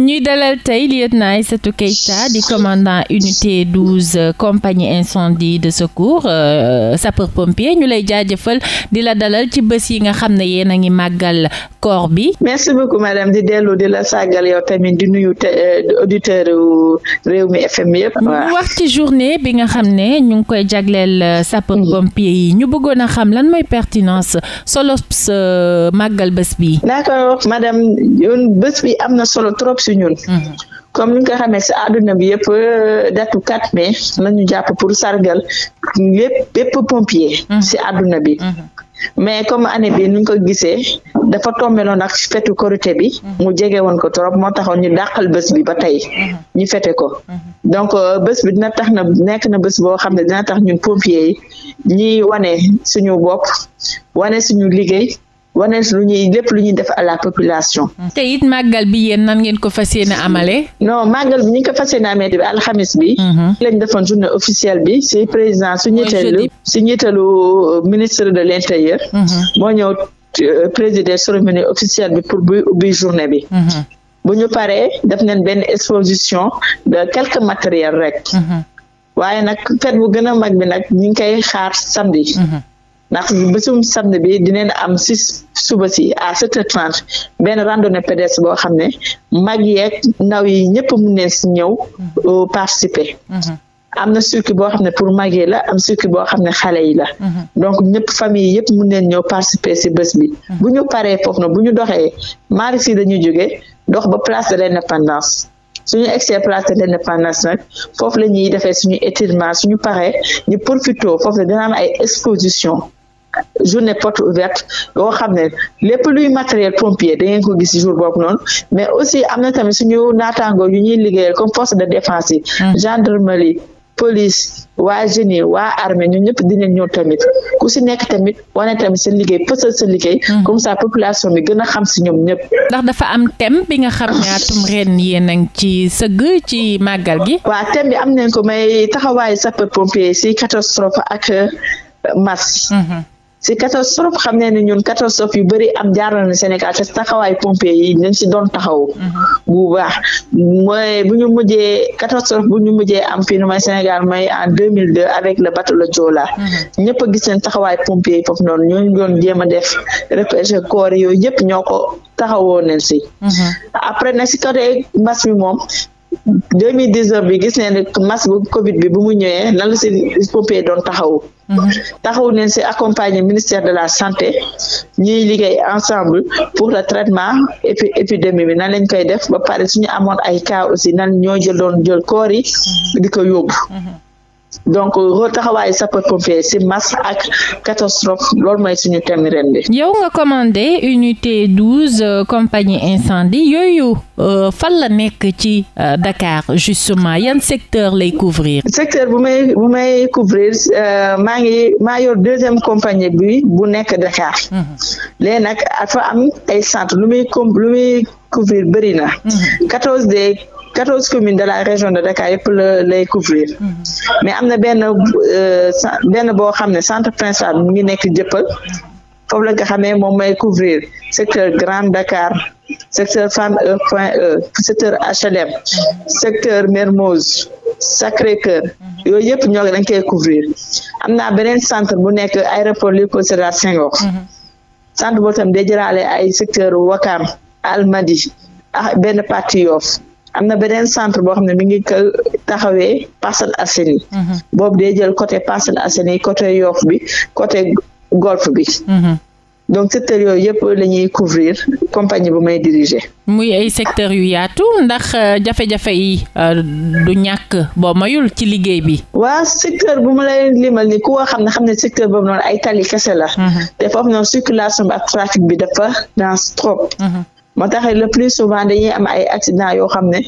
ñuy dalal tey lieutenant Aïssatou Keita di commandant unité 12 euh, compagnie incendie de secours euh, sapeur pompier ñu lay jaajëfal di la dalal ci bés yi nga xam ne yéen a ngi màggal corps bi. merci beaucoup madame di dellu di la sàggal yow tamit di nuyu euh, auditeur mi FM yëpp. ñu wax ci journée bi nga xam ne ñu ngi koy jagleel sapeur pompier yi ñu bëggoon a xam lan mooy pertinence solo màggal bés bi. d'accord madame bés bi am na solo trop. si ñun. Mhm. comme ni ko xamee si àdduna bi yëpp euh, datu 4 mais lañu jàpp pour sargal lépp bépp pompier. Mhm. si àdduna bi. Mhm. mais comme année bi ni ñu ko gisee dafa tombeloon ak fetu korité bi mu jege woon ko trop moo taxoon ñu dàqal bés bi ba tey ñu fete ko donc euh, bés bi dina tax na nekk na bés boo xam ne dina tax ñun pompier yi ñiy wane suñu bopp wane suñu liggéey wane lu ñuy lépp lu ñuy def à la population. te it màggal bi yéen nan ngeen ko fa yéene amale. no màggal bi ñu ko fa yéene amee bi alxamis bi. Mhm. lañ defoon journée officielle bi si président su ñettalu si ñettalu euh, ministre de l' intérieur. Mhm. moo ñëw euh, présider cérémonie officielle bi pour buy ubbi journée bi. Mhm. bu ñu paree def nañ benn exposition de quelques matériels rek. waaye nag fête bu gën a mag bi nag ñu ngi koy xaar samedi. ndax bésum samedi bi dinañ am si suba si à 7 h benn randonnée pédestre boo xam ne mag yeeg ndaw yi ñëpp mun neen si ñëw mhm. euh, participer. Mhm. am na circuit boo xam ne pour mag yi la am circuit boo xam ne xale yi la. Mhm. donc ñëpp famille yëpp mun neen ñëw participer si bés bi. bu ñu paree foofu na bu ñu doxee Maristes yi dañuy jógee dox ba place de l'indépendance suñu egsee place de l'indépendance nag foofu la ñuy defee suñu étirement suñu paree ñu profité foofu la dina ay exposition journée porte ouverte yoo xam ne lépp luy matériel pompier da ngeen ko gis jour boobu noonu mais aussi am na tamit suñu naataangoo yu ñuy liggéeyal comme force de défense yi mm. gendarmerie police waa jeunes waa armée ñun ñëpp dinañ ñëw tamit ku si nekk tamit wane tamit sa liggéey pësal sa liggéey. Mm. comme ça population bi gën a xam si ñoom ñëpp. ndax dafa am thème bi nga xam ne atum ren yéen a ci sëgg ci màggal gi. waa thème bi am nañ ko may taxawaayu sapeur pompier si catastrophe ak euh, mars. Mm-hmm. si catastrophe xam ne ni ñun catastrophe yu bëri am jaaral na Sénégal te taxawaay pompier yi nañ si doon taxaw mhm. bu mooy bu ñu mujjee catastrophe bu ñu mujjee am fii mooy Sénégal mooy en mille deux avec le bateau le Joola mhm. ñëpp a gis nañ taxawaay pompier yi foofu noonu ñooñu doon jéem a def repêché corps yooyu yëpp ñoo ko taxawoo nañ si mhm. après nag si côté mbas mi moom deux mille dix neuf bi gis nañ ne masse bu Covid bi bu mu ñëwee nan la si pompier doon taxawu. taxawu nañ si accompagner ministère de la santé ñi liggéey ensemble pour le traitement épi épidémie bi nan lañ koy def ba pare suñu amoon ay cas aussi nan ñoo jël doon jël koori yi di ko yóbbu. donc taxawaayu sapeur pompier si masse ak catastrophe loolu mooy suñu thème ren yow nga commandé unité douze euh, compagnie incendie yooyu euh, fan la nekk ci euh, Dakar justement yan secteur lay couvrir. secteur bu may bu may couvrir maa ngi maa deuxième compagnie bi bu nekk Dakar. Mhm. léegi nag dafa am ay centre lu may lu couvrir bëri na. Mhm. quatorze communes de la région de Dakar yëpp la lay couvrir mhm. mais am na benn euh, benn boo xam ne centre principal mu ngi nekk jëppal foofu la nga xamee moom mooy couvrir secteur Grand Dakar secteur Fann e Point E secteur HLM secteur Mermoz Sacré-Cœur mhm. yooyu yëpp ñoo dañ koy couvrir am naa beneen centre bu nekk aéroport Léopold Sédar Senghor mhm. centre boobu tam day jëlaale ay secteur Ouakam Almadies ah benn partie Yoff am na beneen centre boo xam ne mi ngi ko taxawee Parcelles Assainies mhm. boobu day jël côté Parcelles Assainies côté Yoff bi côté golf bi mhm. donc secteur yooyu yëpp lañuy ñuy couvrir compagnie bu may diriger. muy ay secteurs yu yaatu ndax euh, jafe-jafe yi euh, du ñàkk boo mayul ci liggéey bi. waa secteur bu ma lay limal ni ku xam ne xam ne secteur boobu noonu ay tali kese la. Mhm. te foofu noonu circulation bi ak trafic bi dafa dense trop. moo tax le plus souvent dañuy am ay accident yoo xam ne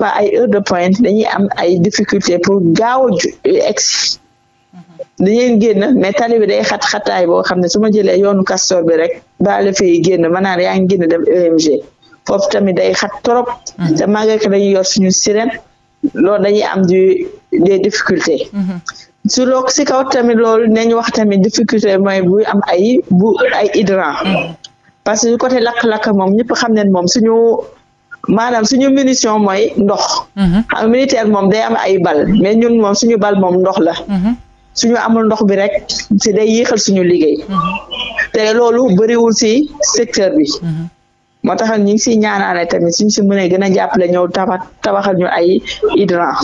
pas ay heure de pointe dañuy am ay difficulté pour gaaw a egsi mhm. dañuy génn mais tali day xat-xataay boo xam ne su ma jëlee yoonu Castor bi rek baale fay génn ma naan yaa ngi génn dem EMG foofu tamit day xat trop mhm. te malgré que dañuy yor suñu sirène loolu dañuy am du des difficultés mhm. su loo si kaw tamit loolu nañ wax tamit difficulté mooy bu am ay bu ay hydrant parce que côté lakk-lakk moom ñëpp xam ne moom suñu maanaam suñu munition mooy ndox. xam mhm. ah, militaire moom day am ay bal mais ñun moom suñu bal moom ndox la. Mhm. suñu amul ndox bi rek si day yéexal suñu liggéey. Mhm. te loolu bëriwul si secteur bi. moo tax ñu ngi siy ñaanaale tamit suñ si mënee gën a jàppale ñëw tabax tabaxal ñu ay hydrant.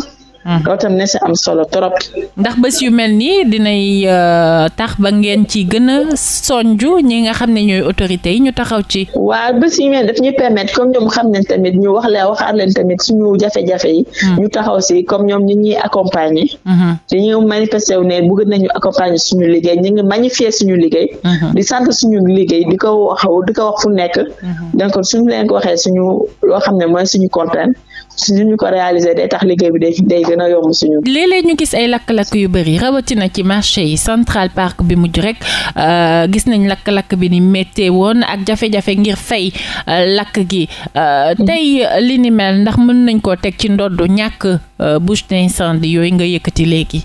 loolu tam ne si am solo trop. ndax bés yu mel nii dinay euh, tax ba ngeen ci gën a sonju ñi nga xam ne ñooy autorités yi ñu taxaw ci. waa bés yu mel daf ñuy permettre comme ñoom xam nañ tamit ñu wax la waxaat leen tamit suñu jafe-jafe yi. Hmm. ñu taxaw comme ñoom ñu ñuy accompagner. Hmm. dañuy manifester wu ne bëgg nañu accompagner suñu liggéey ñu ngi fee suñu liggéey. Hmm. di sant suñu liggéey di ko wax di ko wax fu nekk. donc suñu leen ko waxee suñu loo xam ne mooy suñu kontaan. ñu ko réaliser day tax liggéey bi day day gën a yomb suñu. léeg-léeg ñu gis ay lakk-lakk yu bëri rawatina ci marché yi Central Park bi mujj rek euh, gis nañ lakk-lakk bi ni méttee woon ak jafe-jafe ngir fay euh, lakk gi euh, tey li ni mel ndax mën nañ koo teg ci ndodd ñàkk bouche d'incendie yooyu nga yëkkati léegi.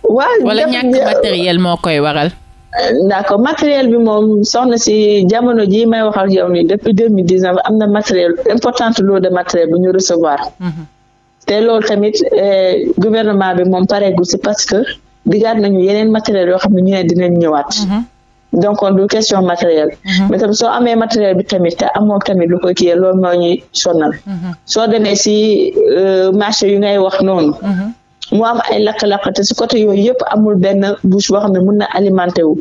wala ñàkk matériel moo koy waral. d'accord matériel bi moom soxna si jamono ji may wax ak yow nii depuis deux mille dix am na matériel importante lot de matériel bu ñu recevoir. Mhm. te loolu tamit eh, gouvernement bi moom pareegul si parce que diggaat nañu yeneen matériel yoo xam ne ñu ne dinañ ñëwaat. Mhm. donc kon du question matériel. Mhm. mais soo amee matériel bi tamit te amoon tamit lu koy kiyee loolu moo ñuy sonal. Mhm. soo demee si euh, marché yu ngay wax noonu. mu am ay lakk-lakk te si côté yooyu yëpp amul benn bouche boo xam ne mun na alimenté wu.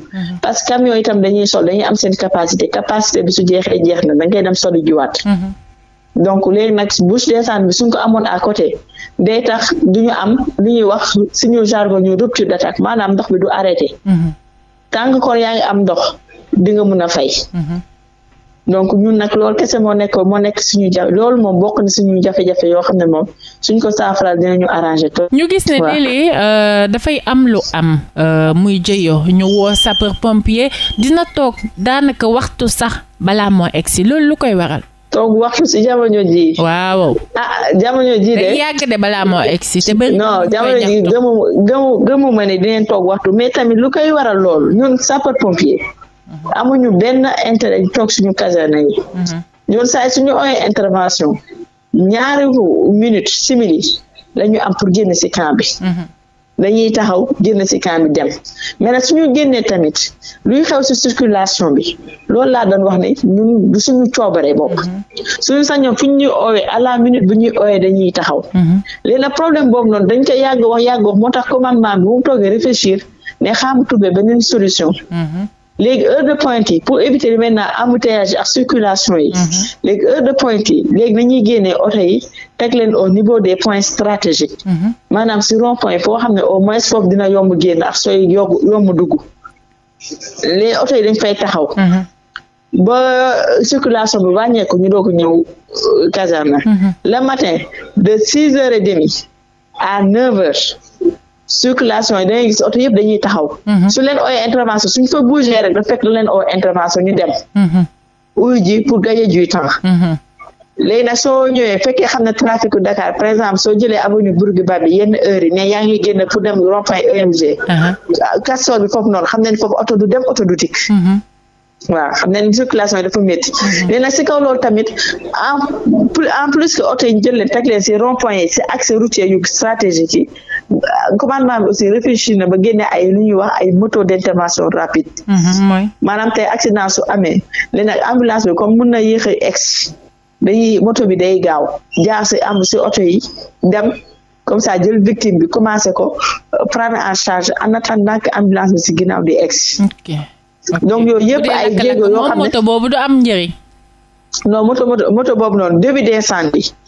parce que camion itam dañuy sol dañuy am seen capacité capacité bi su jeexee jeex na da ngay dem soli jiwaat. donc léegi nag bouche d'instant bi suñ ko amoon à côté day tax du ñu am lu ñuy wax suñu jargon ñu rupture d'attaque maanaam ndox bi du arrêté mm-hmm. tant que kon yaa am ndox di nga mun a fay mm-hmm. donc ñun nag loolu kese moo nekk moo nekk suñu jafe loolu moom bokk na suñu jafe yoo xam ne moom suñ ko saafara ñu arrangé to ñu gis ne léeg-léeg euh, dafay am lu am euh, muy jëyo ñu woo sapeur pompier dina toog daanaka waxtu sax balaa moo egsi loolu lu koy waral toog waxtu si jamono ji waaw ah jamono ji de yàgg de balaa moo egsi te bëri non jamono ji gëmu gëmu gëmu ma ne toog waxtu mais tamit lu koy waral lool ñun sapeur pompier mhm. amuñu benn intérêt toog suñu caserne yi mhm. ñun saay suñu ooyee intervention ñaari minute simili la ñu am pour génn si camp bi mhm. dañuy taxaw génn ci camp bi dem mais nag suñu génnee tamit luy xew ci circulation bi loolu laa doon wax ne ñu suñu coobare bopp mhm. suñu sañoon fi ñuy oowee à la bu ñuy oowee dañuy taxaw mhm. léegi nag problème boobu noonu dañ ko yàgg wax yàgg moo tax commandement bi bu mu toogee réfléchir ne xaamu trouver beneen solution mhm. léegi heure de pointe yi pour éviter li maintenant embouteillage ak circulation yi. Mhm. léegi heure de pointe yi léegi nañuy génnee oto yi teg leen au niveau des points stratégiques. Mhm. maanaam si rond point foo xam ne au moins foofu dina yomb génn ak sooy yomb dugg les oto yi dañ fay taxaw. Mhm. ba circulation bi wàññeeku ñu doog ñëw euh, caserne. le matin de six heures et demie à neuf heures. circulation yi dañuy gis oto yëpp dañuy taxaw. Mhm. su leen ooyee intervention suñ fa bougé rek dafa fekk lu leen ooyee intervention ñu dem. Mhm. uyu ji pour gagner du temps. Mhm. léegi nag soo ñëwee fekkee xam ne trafic u Dakar par exemple soo jëlee avenue Bourguiba bi yenn heure ne yaa ngi génn pour dem rond-point EMG. Ah, castor bi foofu noonu xam ne foofu oto du dem oto du dikk. waaw xam nañ circulation yi dafa métti mhm. léegi si kaw loolu tamit en plus en plus que oto yi jël leen teg leen si rond point yi si accès routier yu stratégique yi commandement bi aussi réfléchir na ba génne ay lu ñuy wax ay moto d' intervention rapide mhm, maanaam tey accident su amee léegi nag ambulance bi comme mun na yéex a ex dañuy moto bi day gaaw jaar si am si oto yi dem comme ça jël victime bi commencé ko prendre en charge en attendant que ambulance bi si ginnaaw di ex donc yooyu yëpp ay jéego yoo xam ne moto boobu du am njëriñ. non moto moto moto boobu noonu début des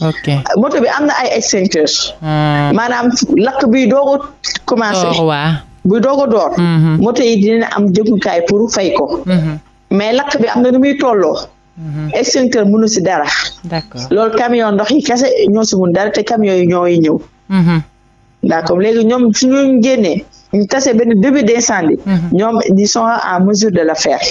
ok moto bi am na ay extincteur hmm. maanaam lakk bi doog a commencé. Oh, bu doog a door. Hmm. moto yi dina am jëgukaay pour fay ko. Hmm. mais lakk bi am na nu muy tolloo. extincteur mënu si dara. d'accord loolu camion ndox yi kese ñoo si mun dara te camion yi ñooy ñëw. d'accord léegi ñoom suñu génnee ñu tase benn début d'incendie mhm. ñoom ils son en mesure de le faire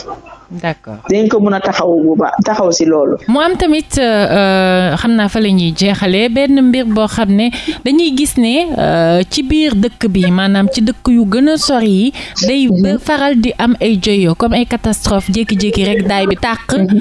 d'accord dañ ko mën a taxaw bu ba taxaw si loolu. mu am tamit euh, euh, xam naa fa la ñuy jeexalee benn mbir boo xam ne dañuy gis ne euh, ci biir dëkk bi maanaam ci dëkk yu gën a sori yi. day mhm. faral di am ay joyoo comme ay catastrophe jékki-jékki rek daay bi tàq. Mhm.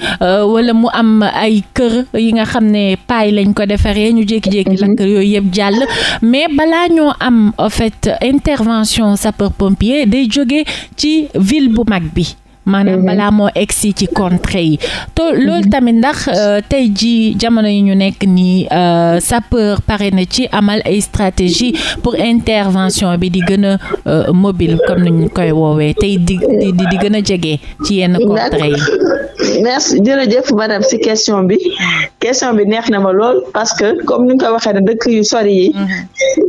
wala mu am ay kër yi nga xam ne paay lañ ko defaree ñu jékki-jékki mhm. lakk yooyu yëpp jàll mais balaa ñoo am en fait intervention sapeur pompier day jóge ci ville bu mag bi. maanaam mhm. balaa moo egsi ci contrat yi te loolu mhm. tamit ndax euh, tey ji jamono yi ñu nekk nii euh, sapeur pare na ci amal ay stratégie pour intervention bi di gën a euh, mobile comme ni ñu koy woowee tey di di di gën a jege ci yenn contrat yi merci jërëjëf madame si question bi question bi neex na ma lool parce que comme ni nga ko waxee ne dëkk yu sori yi mhm.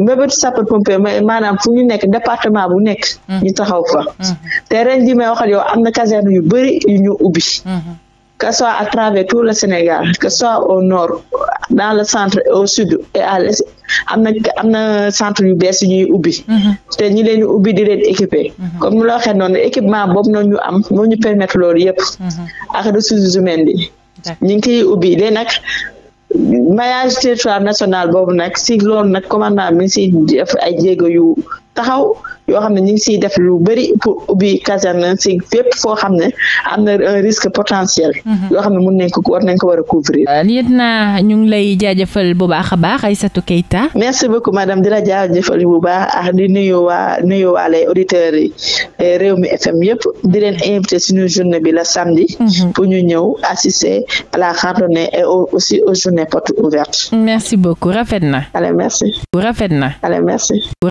mbébétu sapeur pompier maanaam fu ñu nekk département bu nekk mhm. ñu taxaw fa mhm. te ren ji may am na caserne yu bëri yu ñu ubbi que ce soit à travers tout le Sénégal que ce soit au nord dans le centre au sud et à l'est am na am na centre yu bees ñuy ubbi mhm. te ñi leen ubbi di leen équipé mhm. comme nu loo waxee noonu équipement boobu noonu ñu am moo ñu permettre lool yëpp mhm. ak ressources humaines bi ñu ngi koy ubbi léegi nag maillage territoire national boobu nag si lool nag commandement bi si ay jéego yu taxaw yoo xam ne ñu ngi siy def lu bëri pour ubbi caserne si fépp foo xam ne am na un risque potentiel. Mhm. yoo xam ne mun nañ war nañ war a couvrir. Euh, lieutenant ñu ngi lay jaajëfal bu baax a baax Aïssatou Keita. merci beaucoup madame di la jaajëfal bu baax ak ah, di nuyu waa nuyu waa les auditeurs yi eh, Rewmi FM yëpp di leen mhm. invité suñu journée bi la samedi. Mhm. pour ñu ñëw assister à la randonnée et aussi aux journées portes ouvertes. merci beaucoup rafet na. allez merci. rafet na. allez merci.